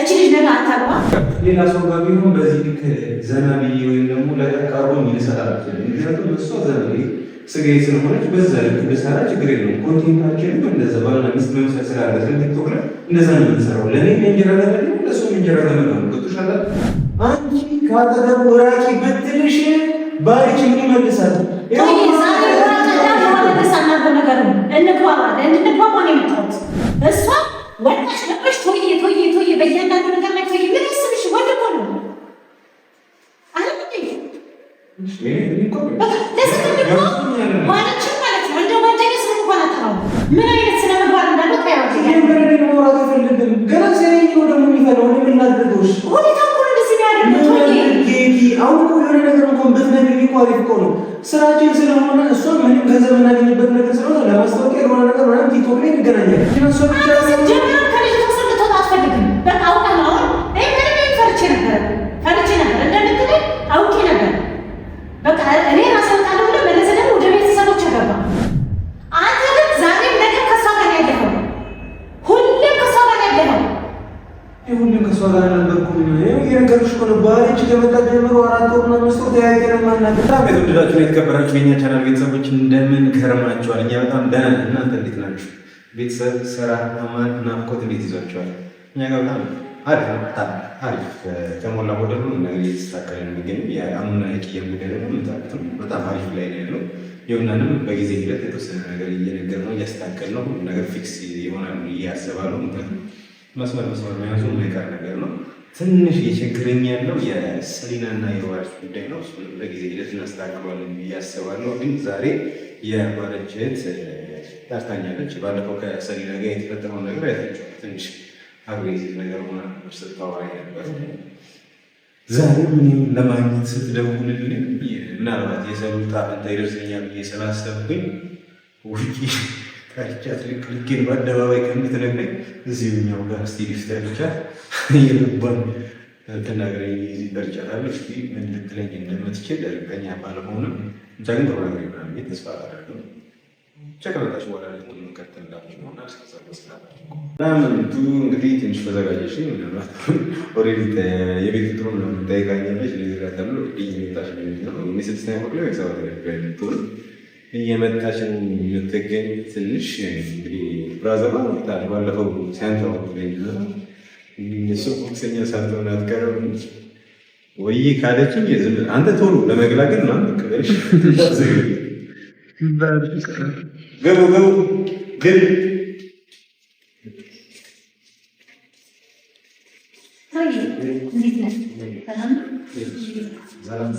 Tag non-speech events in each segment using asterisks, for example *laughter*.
እቺ ልጅ ነገ አታግባ። ሌላ ሰው ጋር ቢሆን በዚህ ልክ ዘና ብዬ ወይም ደግሞ ለቀቃሮ የሚልሰራ ምክንያቱም እሷ ዘና ስጋዬ ስለሆነች በዛ ልክ ብሰራ ችግር የለውም። ኮንቴንታችንም እንደዛ ባልና ሚስት መምሰል ስላለብን ቲክቶክ ላይ እንደዛ ነው የምንሰራው። ለእኔ እንጀራ ለመድ ነው፣ እንጀራ ለመድ ነው። ገብቶሻል። አንቺ ከአጠገቡ ራቂ ብትልሽ ባሪች ምን ይመልሳል? እንግባባ እንድንግባባ ነው የመጣሁት እሷ ወጣሽ ነበሽ ቶዬ በእያንዳንዱ ነገር ላይ ኮይ ምን ስልሽ ወንድሞ ነው ምን አይነት ስነ ምግባር እንዳለ ስራችን ስለሆነ እሷ ምንም ገንዘብ እናገኝበት ነገር ስለሆነ ለማስታወቂያ የሆነ ነገር ቲክቶክ ላይ እንገናኛለን። እናንተ በጣም የተወደዳችሁ የተከበራችሁ የኛ ቻናል ቤተሰቦች እንደምን ከረማችኋል? እኛ በጣም ደህና ነን። እናንተ እንዴት ናችሁ? ቤተሰብ ስራ፣ አማን፣ ናፍቆት እንዴት ይዟችኋል? እኛ ጋር በጣም አሪፍ ነው። በጣም አሪፍ ከሞላ ጎደሉ ነገር እየተስተካከለ ነው የሚገኘው። የአምና ቂ የሚደረገ ምታትም በጣም አሪፍ ላይ ነው ያለው። የሆናንም በጊዜ ሂደት የተወሰነ ነገር እየነገር ነው እያስተካከል ነው። ነገር ፊክስ ይሆናል እያሰባለሁ። ምክንያቱም መስመር መስመር መያዙ የማይቀር ነገር ነው። ትንሽ የቸገረኝ ያለው የሰሊና እና የዋርች ጉዳይ ነው። ለጊዜ ሂደት እናስተካክለዋለን ብዬ አስባለሁ። ግን ዛሬ የባለችት ታርታኛለች። ባለፈው ከሰሊና ጋር የተፈጠረውን ነገር ያለች ትንሽ አግሬዚቭ ነገር ሆና ስታወራ ነበር። ዛሬ ምን ለማግኘት ስትደውልልኝ ምናልባት የሰሉ ጣፍንታ ይደርሰኛል ብዬ ስላሰብኩኝ ውጭ ታሪቻት ልክ ልኬን በአደባባይ ከምትነግረኝ እዚህኛው ጋር እስኪ ፊት ታሪቻት የልቧን ትናገረኝ ደርጃታለች ምን ልትለኝ እንደምትችል እርግጠኛ ባለመሆንም ብቻ ጥሩ ነገር ይሆናል ተስፋ አደርጋለሁ። ቸክረታች በኋላ ደግሞ መቀጠል እንዳለች ሆና እንግዲህ ትንሽ ተዘጋጀሽ ምናልባት የቤት ጥሩ ነው ጠይቃኛለች ለዚራ ተብሎ ጣሽ ነው ስድስተኛ ክፍል ወይ ሰባት ክፍል እየመጣች የምትገኝ ትንሽ እንግዲህ ብራዘሯ መጣ ባለፈው ሲያንተው እሱ ቦክሰኛ ሳትሆን አትቀርም ወይ ካለችኝ ዝም አንተ ቶሎ ለመግላገል ነው ቅበሽ ገቡ ገቡ ግን ሰላም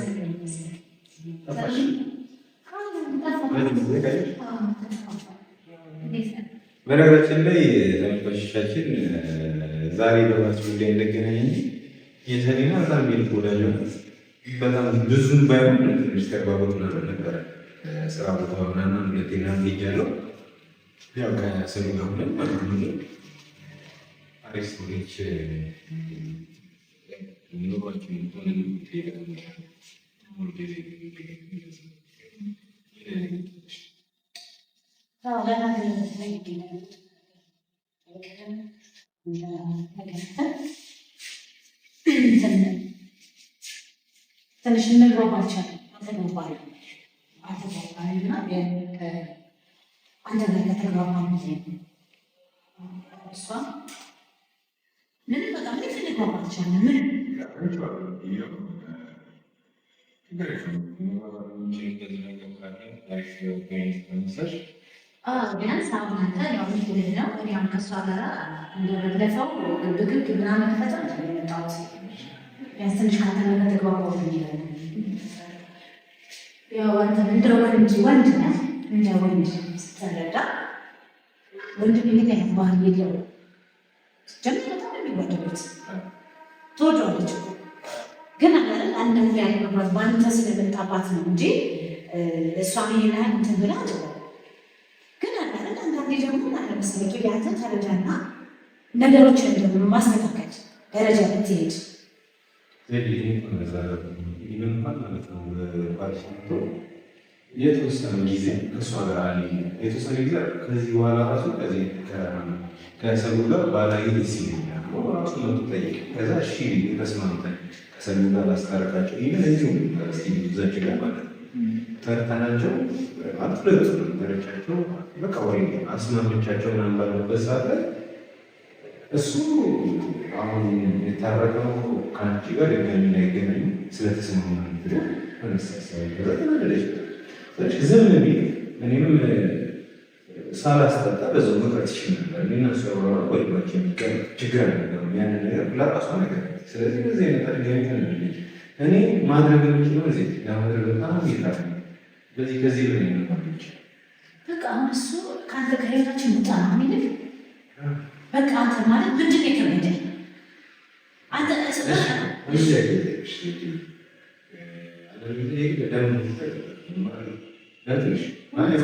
በነገራችን ላይ ለመሻችን ዛሬ በማች ጉዳይ እንደገናኝ የተኔና ዛ ሚልክ ወዳጅ በጣም ብዙ ባይሆን ትንሽ ተግባቦት ነበረ። ስራ ቦታ ምናና ሁለቴና ያለው ያው ከስሩ ጋር ሁለን ማለት ነው አሬስቶሬች ኑሯችን ሆነ ሆ ትንሽ እንግባባቸው እሷ ምንም በቃ ምንም እንግባባ አልቻልንም ቢያንስ አሁን አንተ ያው ነው። እኔ አሁን ከእሷ ጋር ብግብ ምናምን ከፈጠው የመጣሁት ቢያንስ ትንሽ ተግባባው ይላል። ያው አንተ እንደ ወንድ ወንድ እንደ ወንድ ስትረዳ ወንድ ባህል የለው ጀምሮ በጣም የሚጓደሉት ተወደዋለች ግን አንደኛ ያለመባት በአንተ ስለመጣባት ነው እንጂ እሷ ሄና ያህል እንትን ብላ ግን አላለን። አንዳንዴ ደግሞ አለመሰለቱ ያንተ ተረዳና ነገሮችን ደግሞ ማስተካከል ደረጃ ብትሄድ የተወሰነ ጊዜ ከእሷ ጋር አለ የተወሰነ ጊዜ ከዚህ በኋላ ራሱ ከዚህ ከሰው ጋር ባላየ ደስ ራሱ መጡ ጠይቅ ከዛ እሺ ተስማምተን ከሰሚና ላስታረቃቸው ይህ እዚሁ ዩኒቨርሲቲ ዩዘች ጋር ማለት ተርታናቸው ተርተናቸው ማለት በቃ ወይ አስማምቻቸው ምናምን ባለበት ሰዓት እሱ አሁን የታረቀው ከአንቺ ጋር ድጋሚ ላይገናኙ ስለተሰማ ብሎ መነሳሳ ዘምን እኔም ሳላስጠጣ በዛው መቅረት ይችል ነበር። እነሱ ያወራሉ ወይባቸው የሚቀር ችግር አልነበረም። ያንን ነገር ለራሷ ነገር ስለዚህ በዚህ አይነት አድጋሚ ተነልልኝ እኔ ማድረግ የሚችለው እዚህ ለማድረግ በጣም ይላል። በዚህ ከዚህ ላይ ነው ማለት በቃ አሁን እሱ ከአንተ ከህይወታችን ውጣ ነው የሚልህ። በቃ አንተ ማለት ምንድን ነው የከበደ አንተ ለምን ለትንሽ ማለት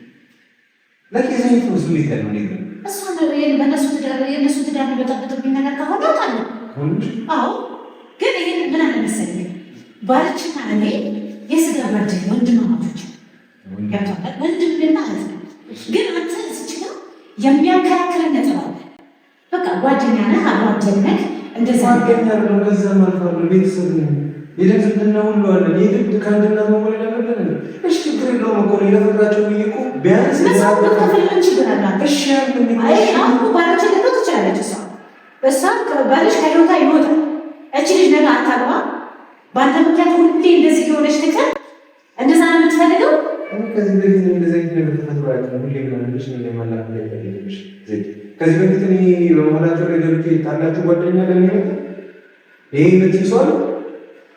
በቃ የዘኝቱ ስሜት ያለው ነገር እሱ በእነሱ ትዳር የእነሱ ትዳር የሚበጠብጥብኝ ነገር ከሆነ አውቃለሁ። አዎ ግን ይህን ምን አለ መሰለኝ ባልችና እኔ የስጋ በርድ ወንድማማቾች ያቷለት ወንድምና እህት ነው። ግን አንተ ስችላ የሚያከራክር ነጥባለ በቃ ጓደኛ ነህ አብሮ እንደዛ ገጠር ነው። ከዛ ማልፋሉ ቤተሰብ ነው ይህን ዝምድና ሁሉ አለ። የግድ ከአንድና መሞል ለመለን እሺ፣ ችግር የለውም እኮ ነው ብዬ እኮ ቢያንስ እቺ ልጅ ነገ አታግባ፣ በአንተ ምክንያት ሁሌ እንደዚህ የሆነች ትቀር። እንደዛ ነው የምትፈልገው? ከዚህ በፊት እንደዚህ ነገር ተፈጥሮ ሁሌ ብላለች ነው የማላት ከዚህ በፊት እኔ በመሆናቸው ነገሮች ታላችሁ ጓደኛ ለሚመጣ ይህ ምትይሷል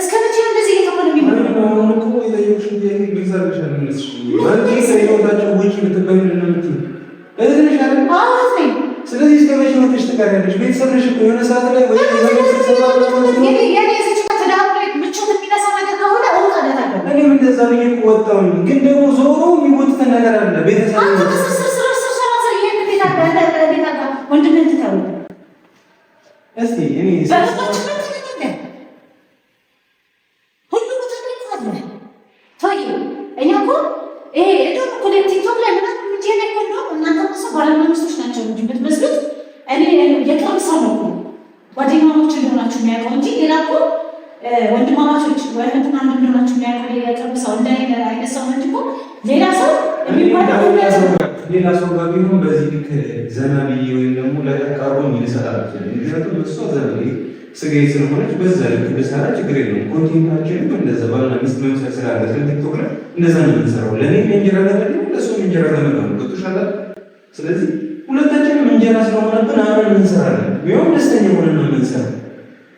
እስከ መቼ እንደዚህ እየተኮነ ስለዚህ እስከ መቼ ወጥሽ ትቀሪያለሽ? ቤተሰብሽ የሆነ ነገር አለ ሌላ ሰው ጋር ቢሆን በዚህ ልክ ዘና ብዬ ወይም ደግሞ ለቀቃሮ የሚልሰጣል። ምክንያቱም እሷ ዘና ስጋዬ ስለሆነች በዛ ልክ ብሰራ ችግር የለውም። ኮንቴንታችንም እንደዛ ባልና ሚስት መምሰል ስላለብን ቲክቶክ ላይ እንደዛ ነው የምንሰራው። ለእኔም እንጀራ ለመድ ነው፣ ለእሱም እንጀራ ለመድ ነው። ገብቶሻል። ስለዚህ ሁለታችንም እንጀራ ስለሆነብን አብረን እንሰራለን። ቢሆን ደስተኛ የሆነና ምንሰራ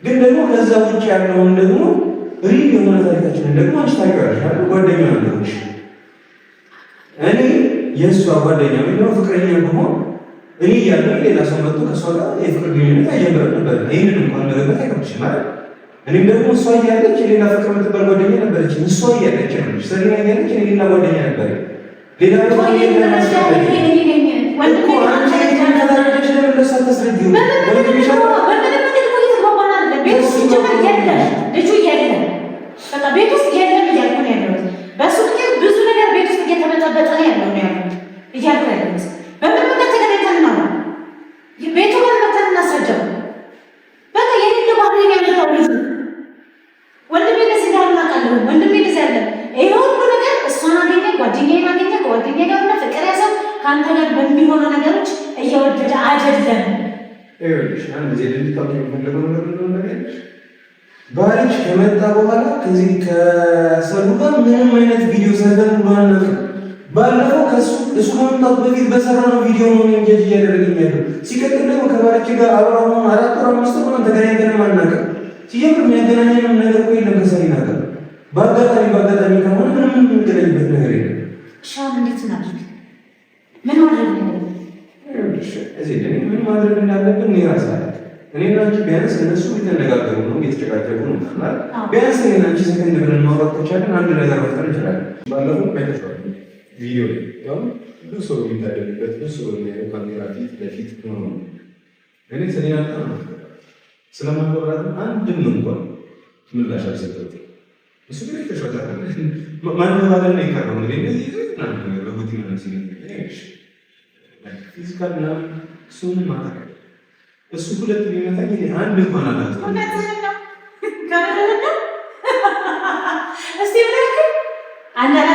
ግን ደግሞ ከዛ ውጭ ያለውን ደግሞ ሪል የሆነ ታሪካችንን ደግሞ አንቺ ታውቂዋለሽ፣ ጓደኛ ነው እኔ የእሷ ጓደኛ ወይ ደግሞ ፍቅረኛ ብሆን እኔ እያለ ሌላ ሰው መጥቶ ከእሷ ጋር የፍቅር ግንኙነት አይጀምርም ነበር። ይህንን እንኳን መገመት አይከብድሽም ማለት እኔም ደግሞ እሷ እያለች የሌላ ፍቅር የምትባል ጓደኛ ነበረች። እሷ እያለች ነው ሰሪና እያለች እኔ ሌላ ጓደኛ ነበር። ሌላ ቤት ውስጥ እየተበጠበጠ ነው ያለው ነው ያሉት እያልኩ ያለ እሱ ከመምጣቱ በፊት በሰራነው ቪዲዮ ነው እንጀት እያደረግን ያለው። ሲቀጥል ደግሞ ከባለች ጋር አብረን አራት ወር አምስት ወር ተገናኝተን አናውቅም። ሲጀምር የሚያገናኘንም ነገር እኮ የለም ከሰሪና ጋር በአጋጣሚ በአጋጣሚ ከሆነ ምንም የምንገናኝበት ነገር የለም። ሻም እንዴት ናቸው? ምን ማድረግ እዚህ ምን ማድረግ እንዳለብን እኔ እኔ እና አንቺ ቢያንስ እነሱ እየተነጋገሩ ነው እየተጨቃጨቁ ነው ማለት ቢያንስ እኔ እና አንቺ ሰከንድ ብለን ማውራት ከቻለን አንድ ነገር መፍጠር እንችላለን። ባለፈው ቤተሰብ ቪዲዮ ላይ አሁን ብዙ ሰው የሚታደግበት ብዙ ሰው የሚያየው ካሜራ ፊት ለፊት ነው ነው። እኔ ስለ ያጣ ስለማቆራት አንድም እንኳን ምላሽ አልሰጠት። እሱ ግን ተሸጣ ማንም ማለት ነው ይቀርም እንግዲህ እንደዚህ ነው ለሁቲ ነው እሺ ፊዚካል እና እሱን ማለት እሱ ሁለት የሚመታኝ እኔ አንድ እንኳን አላት ነው *laughs*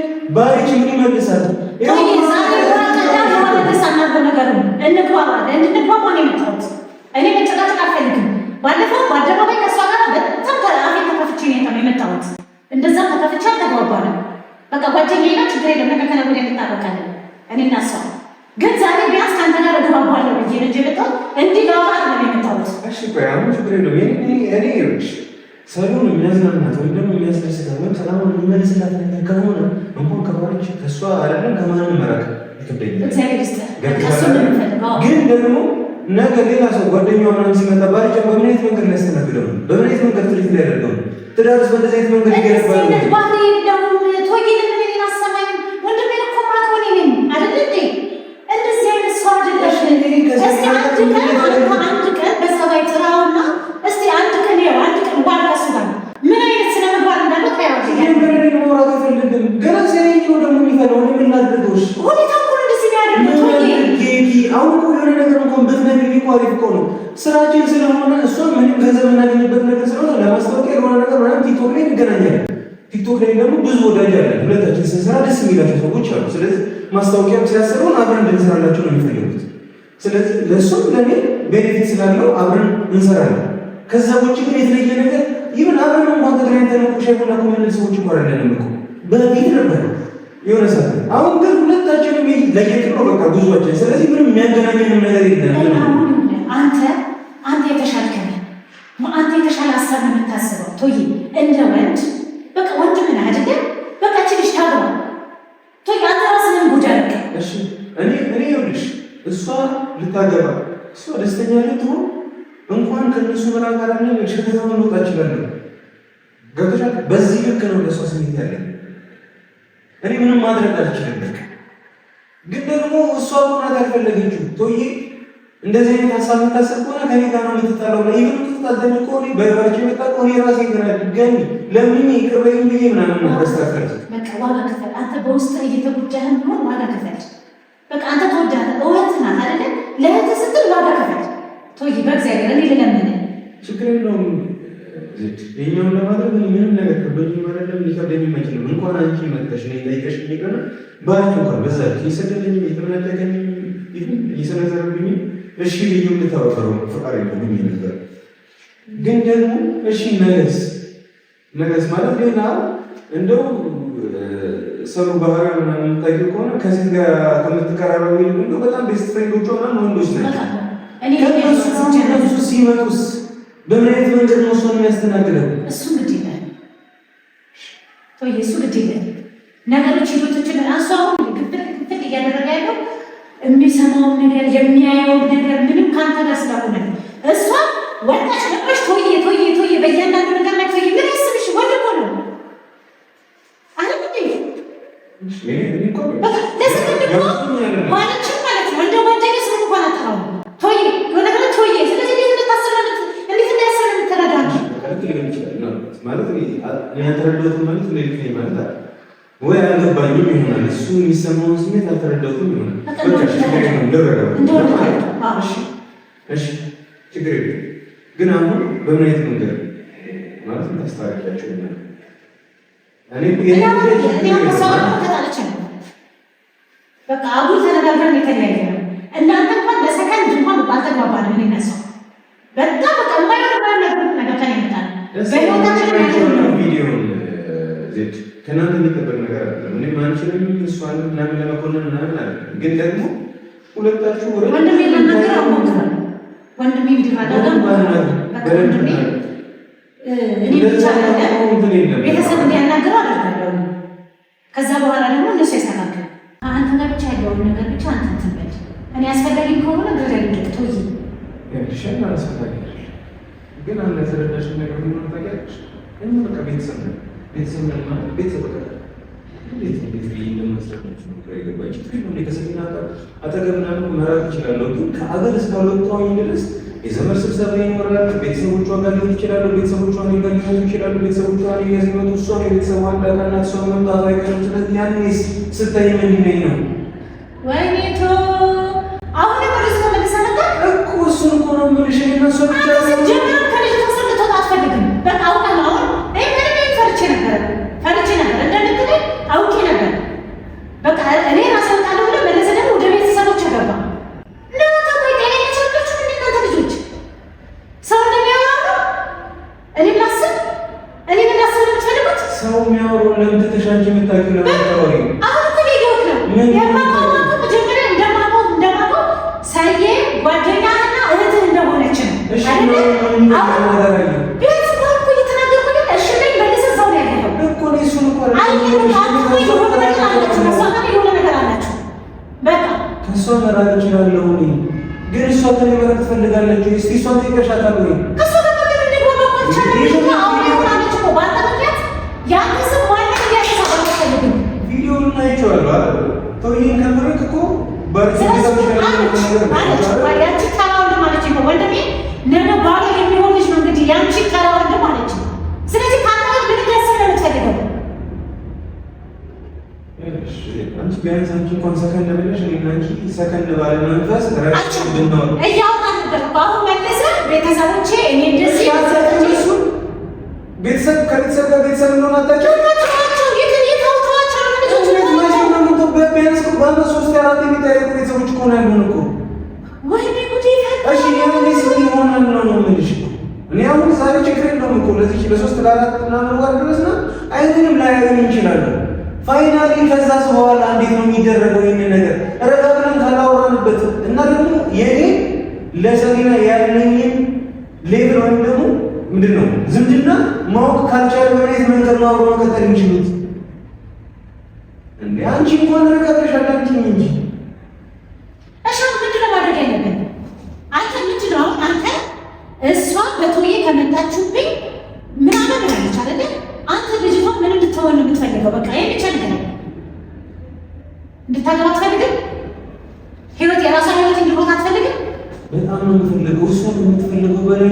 ባሪክ ምን ይመልሳል? እኔ መጨቃጨቅ አልፈልግም። ባለፈው በአደባባይ ከእሷ ጋር በጣም ከአፌ ተከፍቼ ነው የመጣሁት። እንደዛ ተከፍቼ አልተግባባንም። በቃ ጓደኛዬ ጋር ችግር የለም ነገ ከነገ ወዲያ እንታረቃለን። እኔ እና እሷ ግን ዛሬ ቢያንስ ከአንተ ጋር እግባባለሁ ብዬ ነው እንጂ የመጣሁት እንዲህ ለዋት ነው የመጣሁት። እሺ ቆይ አሁን ችግር የለውም እኔ እኔ ሰውን የሚያዝናናት ወይም ደግሞ የሚያስደስታት ወይም ሰላሙን የሚመልስላት ነገር ከሆነ እንኳን ከሆነች ከእሷ አይደለም ከማንም መራቅ ግን ደግሞ ነገ ሌላ ሰው ጓደኛ ምናምን ሲመጣ ባልጫ በምን አይነት መንገድ ሊያስተናግደው ነው? በምን አይነት መንገድ ትሪት ሊያደርገው ነው? ትዳርስ በእንደዚህ አይነት መንገድ ይገነባል? አንድ ቀን በሰባይ ትራውና እስቲ አንድ ስራችን ስለሆነ እሷ ምንም ገንዘብ እናገኝበት ነገር ስለሆነ ለማስታወቂያ የሆነ ነገር ምናምን ቲክቶክ ላይ እንገናኛለን። ቲክቶክ ላይ ደግሞ ብዙ ወዳጅ አለ ሁለታችን ስንሰራ ደስ የሚላቸው ሰዎች አሉ። ስለዚህ ማስታወቂያም ሲያሰሩን አብረን እንድንሰራላቸው ነው የሚፈልጉት። ስለዚህ ለእሱም ለእኔ ቤኔፊት ስላለው አብረን እንሰራለን። ከዛ ውጭ ግን የተለየ ነገር ይሁን አብረን እንኳን ተገናኝተን እኮ ሻይ ቡና ከምንል ሰዎች እኮ አይደለንም እኮ በፊት ነበር የሆነ ሰ አሁን ግን ሁለታችንም ለየት ነው በቃ ጉዟችን። ስለዚህ ምንም የሚያገናኘንም ነገር የለም። አንተ አንተ የተሻልከ አንተ የተሻለ ሀሳብ የምታስበው ቶይ እንደ ወንድ በቃ ወንድ ምን አድገ በቃ ችልሽ ታግባ ቶይ አንተ ራስህን ጉድ አድርገህ እኔ እኔ ይኸውልሽ እሷ ልታገባ እሷ ደስተኛ ልትሆን እንኳን ከእነሱ መናጋር ነ ሸተታ መወጣ ይችላለን። ገብቶሻ በዚህ ልክ ነው ለሷ ስሜት ያለ። እኔ ምንም ማድረግ አልችልም። ግን ደግሞ እሷ ሆናት ያልፈለገችው ቶዬ እንደዚህ አይነት ሀሳብ የምታስብ ከሆነ ከኔ ጋር ነው የምትጣለው ብላ ይህ ምትጣልተኝ ከሆነ በእግራቸው የመጣ ከሆነ የራሴ ገናገኝ ለምን ይቅርበኝ ብዬ ምናምን ማስታከል በቃ ዋጋ ክፈል አንተ በውስጥ እየተጎዳህን ሆን ዋጋ ክፈል። በቃ አንተ ተወዳለ እውነት ናት አደለ ለህት ስትል ዋጋ ክፈል ተይ በእግዚአብሔር እኔ ልለምን ችግር የለውም። የኛውን ለማድረግ ምንም ነገር ከበኝ ማለለም ሊከብደኝ መኪ ነው እንኳን አንቺ መጠሽ ነ ላይቀሽ ሚቀና ባያቱ ጋር በዛ የሰደደኝ የተመናደገኝ የሰነዘረብኝ እሺ ልዩ ልታወቀሩ ፍቃድ የለኝ ነበር። ግን ደግሞ እሺ ነገስ ነገስ ማለት ሌላ እንደው ሰሩ ባህሪ ምናምን የምታውቂው ከሆነ ከሴት ጋር ከምትቀራረበው በጣም ቤስት ፍሬንዶቿ ምናምን ወንዶች ናቸው ከእነሱ ፍቺ እነሱ ሲመጡስ በምን አይነት መንገድ ነው እሷን የሚያስተናግደው? እሱ ግድ ይላል ወይ እሱ ግድ ይላል ነገሮች ሂዶቶችን እራሱ አሁን ግብር ግብር እያደረገ ያለው የሚሰማውን ነገር የሚያየውን ነገር ምንም ከአንተ ጋር ስላልሆነ እሷ ወጣች ነበር ቶዬ ቶዬ ቶዬ በእያንዳንዱ ነገር ላይ ቶዬ ምን ያስብሽ ወደ ሆነ አለ ግ ለዚህ እሱ የሚሰማውን ስሜት አልተረዳሁትም ይሆናል። ችግር የለም ግን አሁን በምን አይነት መንገድ ማለት ታስታርቂያቸው? በቃ አሁን ተነጋግረን የተለያየ ነው። እናንተ እንኳን ለሰከንድ እንኳን ባልተግባባንም እኔ እና በጣም በቃ ዜድ ከእናንተ የሚጠበቅ ነገር አለ። እኔ አንችንም እሷን ምናምን ለመኮንን ምናምን አለ። ግን ደግሞ ሁለታችሁ ወንድሜ ወንድሜ ቤተሰብ ከዛ በኋላ ደግሞ እነሱ ያስተካክል። አንተ ጋር ብቻ ያለውን ነገር ብቻ አንተ እንትን እኔ አስፈላጊ ከሆነ ግን ነገር ቤተሰብ ቤተሰብ ማለት ቤተሰብ በቃ እንዴት የዘመድ ስብሰባ ይኖራል። ቤተሰቦቿ ጋር ሊሆን ይችላሉ፣ ቤተሰቦቿ ጋር ሊሆን ይችላሉ። ቤተሰቦቿ ጋር እሷ የቤተሰቧ እንዳቃና እሷ መምጣቷ አይቀርም። ስለዚህ ያኔስ ስታይ ምንድነኝ ነው ወይኔቶ አሁን ወደ ስመለሰ መጣ እኮ እሱን እኮ ነው የምልሽ እኔ እና እሷ ብቻ መራቅ እችላለሁ እኔ ግን እሷ ከኔ መራቅ ትፈልጋለች። እስቲ እሷን ጠይቀሻታል ወይ? ቪዲዮውን አይቼዋለሁ። ተውዬን ከምርቅ እኮ ነገ ባል የሚሆን ነው እንግዲህ ያንቺ ቀራውን አንቺ ቢያንስ አንቺ እንኳን ሰከን ብለሽ እኔ አንቺ ሰከን ባለ መንፈስ ረሽ ብናወራ እያወራን ነበር። በአሁን መለሰ ቤተሰቦቼ እኔ እንደዚህ ያዘርኩሽ ቤተሰብ ከቤተሰብ ጋር ቤተሰብ እንደሆነ አታውቂም። እኔ አሁን ዛሬ ችግር የለውም እኮ ለዚህ ለሶስት ለአራት ምናምን ወር ድረስ ፋይናሊ ከዛ በኋላ እንዴት ነው የሚደረገው? ይህን ነገር ረጋ ብለን ካላወራንበት እና ደግሞ የኔ ለሰሪና ያለኝን ሌብል ወይም ደግሞ ምንድን ነው ዝምድና ማወቅ ካልቻለ መሬት መንገድ ነው አብሮ መቀጠል የሚችሉት። እንዴ አንቺ እንኳን ረጋ ብለሽ አላንቺም እንጂ እሺ፣ ምንድን ነው ማድረግ ያለብን? አንተ ምንድን ነው አንተ እሷ በቶዬ ከመጣችሁብኝ የምፈልገው በቃ የሚቸግረኝ እንድታገባ አትፈልግም? ህይወት የራሷ ህይወት እንዲሆን አትፈልግም? በጣም ነው የምፈልገው እሷ የምትፈልገው በላይ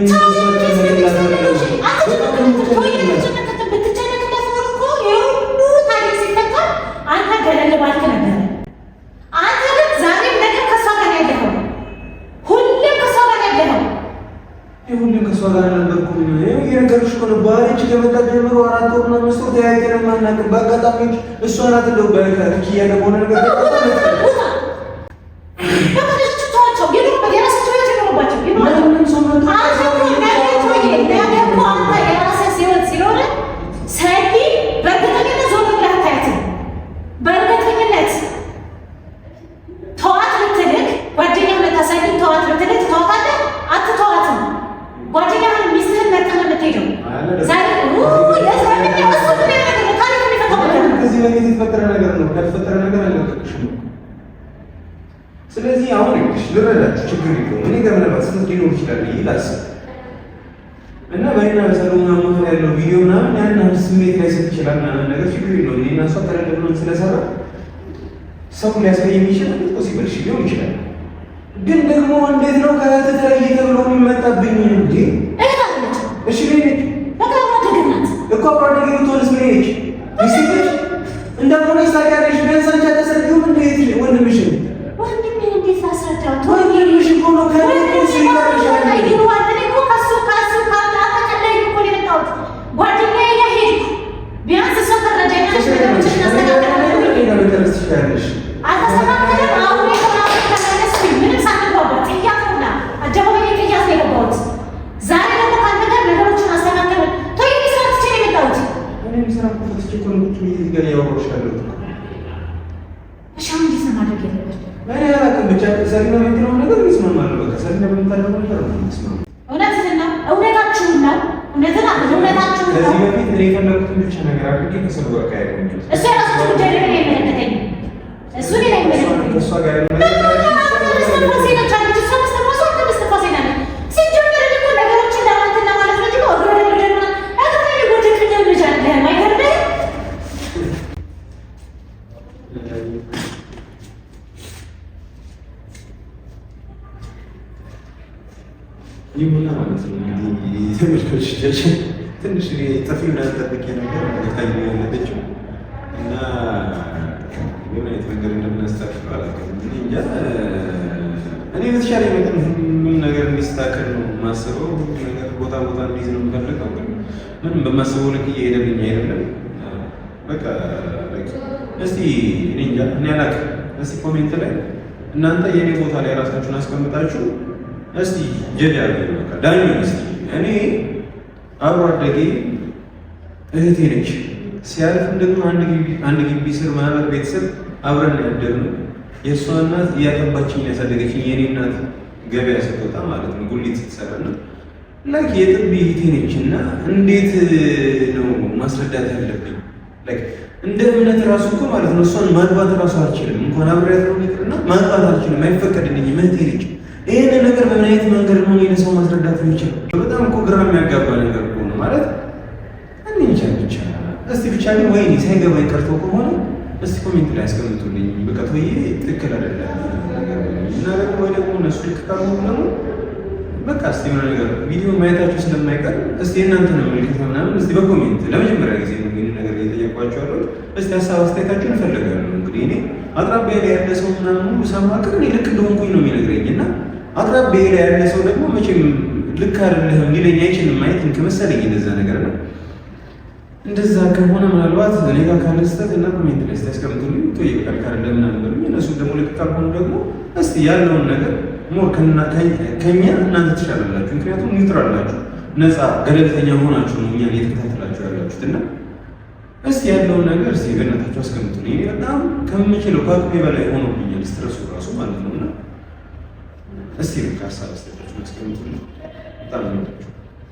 ሲሸሽ ትንሽ ጥፊ ምናምን ነገር ታየ ያለችው እና የሆነ አይነት መንገድ እንደምናስታክል አላውቅም። እንጃ እኔ በተሻለ ነገር ሁሉም ነገር እንዲስተካከል ነው የማስበው። ነገር ቦታ ቦታ እንዲይዝ ነው የምፈልገው። ግን ምንም በማስበው ልክ እየሄደልኝ አይደለም። በቃ እስቲ እኔ እንጃ እኔ አላውቅም። እስቲ ኮሜንት ላይ እናንተ የእኔ ቦታ ላይ ራሳችሁን አስቀምጣችሁ እስቲ ጀድ ያለ በቃ ዳኙ እስቲ እኔ አብሮ አደጌ እህቴ ነች። ሲያልፍም ደግሞ አንድ ግቢ ስር ማህበር ቤተሰብ አብረን ያደግነው የእሷ እናት እያጠባችኝ ያሳደገችኝ የኔ እናት ገበያ ስትወጣ ማለት ነው፣ ጉሊት ስትሰራ ነው። ላይክ የጥብ እህቴ ነች እና እንዴት ነው ማስረዳት ያለብኝ? ላይክ እንደ እምነት ራሱ እኮ ማለት ነው እሷን ማግባት ራሱ አልችልም፣ እንኳን አብሬያት ነው እና ማግባት አልችልም፣ አይፈቀድልኝ። እህቴ ነች። ይህን ነገር በምን አይነት መንገድ ነው ለሰው ማስረዳት የሚችለው? በጣም እኮ ግራ የሚያጋባ ነገር ማለት አንድ ብቻ ብቻ እስቲ ብቻ ግን ወይኔ ሳይገባኝ ቀርቶ ከሆነ እስቲ ኮሜንት ላይ አስቀምጡልኝ። በቃ ወይ ትክክል አይደለም እና ደግሞ ወይ ደግሞ እነሱ ልክ ደግሞ በቃ እስቲ ምን ነገር ቪዲዮ ማየታቸው ስለማይቀር እስቲ እናንተ ነው ምልክት ምናምን እስቲ በኮሜንት ለመጀመሪያ ጊዜ ነው ይህን ነገር እየጠየኳቸው እስቲ ሀሳብ አስተያየታችሁን እፈልጋለሁ። እንግዲህ እኔ አቅራቢያ ላይ ያለ ሰው ምናምን ሰማ ቅር ልክ እንደሆንኩኝ ነው የሚነግረኝ እና አቅራቢያ ላይ ያለ ሰው ደግሞ መቼም ልክ አይደለህም ሊለኝ አይችልም ማየት እንክ መሰለኝ እንደዛ ነገር ነው። እንደዛ ከሆነ ምናልባት እኔ ጋር ካለ ስህተት እና ኮሜንት ላይ ስታስቀምጡልኝ ቶይ በቃ ካለ ምን አንበሉ እነሱ ደግሞ ልክ ካልሆኑ ደግሞ እስቲ ያለውን ነገር ሞር ከኛ እናንተ ትሻላላችሁ። ምክንያቱም ኒውትራል ናችሁ፣ ነፃ ገለልተኛ ሆናችሁ ነው እኛን እየተከታተላችሁ ያላችሁት እና እስቲ ያለውን ነገር እስቲ በእናታችሁ አስቀምጡልኝ። እኔ በጣም ከምችለው ከአቅሜ በላይ ሆኖብኛል ስትረሱ ራሱ ማለት ነው እና እስቲ ልክ ሀሳብ ስጠጫችሁ አስቀምጡልኝ። 但是。